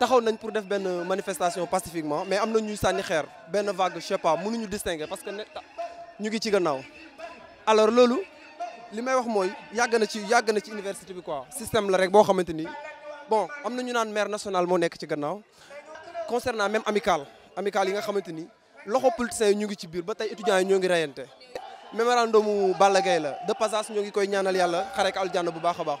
taxaw nañ pour def ben manifestation pacifiquement mais amna ñu sanni sànni xeer benn vague je sais pas mënuñu distinguer parce que ñu ngi ci gannaaw alors lolu limay wax moy yag na ci yag na ci université bi quoi système la rek bo xamanteni bon amna ñu naan maire national mo nekk ci gannaaw concernant même amical amical yi nga xamanteni loxo politiciens ñu ngi ci biir ba tay étudiants ñu ngi reyante mémorandumu Balla Gaye la de passage ñu ngi koy ñaanal yàlla xarek aljanna bu baax a baax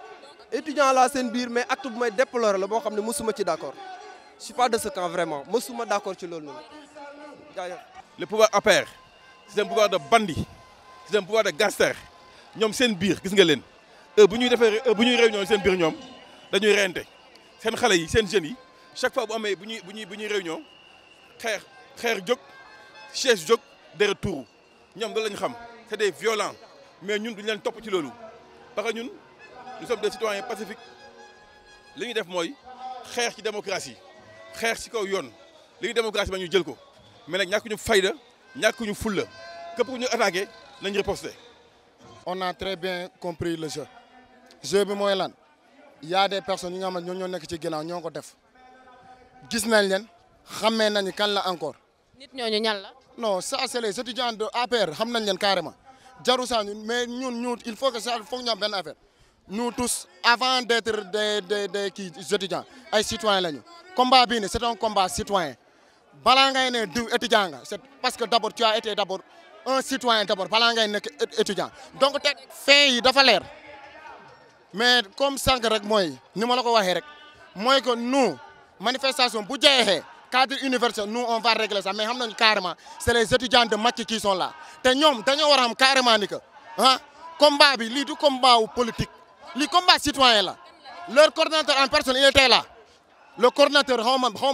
étudiant laa seen biir mais acte bu may déplorer la boo xam ne mosuma ci d' je suis pas de ce camp vraiment mosuma d'accord accord ci loolu le pouvoir APR c' est un pouvoir de bandit C'est un pouvoir de gangster ñoom seen biir gis nga leen heure bu ñuy defee heure bu ñuy réunion seen bir ñoom dañuy reyante seen xale yi seen jeunes yi chaque fois bu amee bu ñuy bu ñuy réunion xeer xeer jóg chaise jóg deret tuuru ñoom da lañ xam c' est des violents mais ñun duñ leen topp ci loolu parce que ñun nous sommes des citoyens pacifiques nous démocratie démocratie mais nous on a très bien compris le jeu jeu bi là. Il y a des personnes qui sont dans ñoo qui ci fait. ñoo ko def la encore. non ça c'est les étudiants de APR xam nañ carrément mais nous, il faut que ça fonctionne bien nous tous avant d'être des des des étudiants ay citoyens lañu combat c'est un combat citoyen balaa ngay ne étudiant c'est parce que d'abord tu as été d'abord un citoyen d'abord balaa ngay étudiant donc te fait yi dafa leer mais comme ça, rek moi, ni ma ko waxee que nous manifestation bu cadre universel nous on va régler ça mais nous, carrément c'est les étudiants de Mathieu qui sont là Et nous, nous war carrément ni que ah, combat bi lii du combat politique. Les combats citoyens là, leur coordinateur en personne il était là le coordinateur xaw ma xaw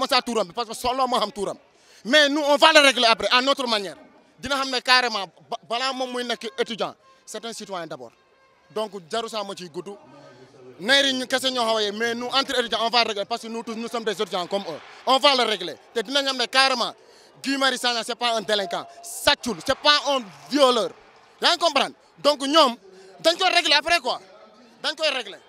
parce que solo moo xam tuuram mais nous on va le régler après à notre manière dina xam dire carrément étudiant c'est un citoyen d'abord donc jaru saa ma ciy gudd neeri ñu kese mais nous entre étudiants on va régler parce que nous tous nous sommes des étudiants comme eux on va le régler Té dina xam carrément Guy Marius ce c'est pas un délinquant satchul n'est pas un violeur Vous comprenez comprendre donc on dañ ko régler après quoi dañ koy régler